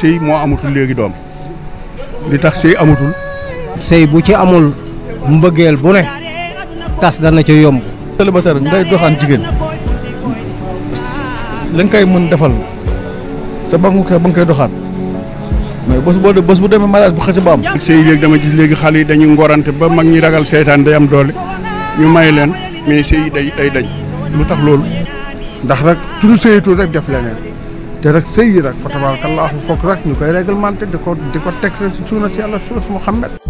sey moo amutul léegi doom li tax sey amatul. sey bu ci amul mbëggeel bu ne tas dana ci yomb. célibataire nday doxaan jigéen li nga koy mën defal sa ba nga bos koy doxaan mais bés bo bés bu demee mariage bu xasee ba am. sëy léegi dama gis léegi xale yi dañuy ngorante ba mag ñi ragal seytaan day am doole ñu may leen mais sey day day dañ lu tax loolu. ndax rek seyitu rek def leneen. te rek sëy yi rek fa tabaarakallahu foog rek ñu koy réglementé di ko di ko teg rek suuna si yàlla suuna si Muhammad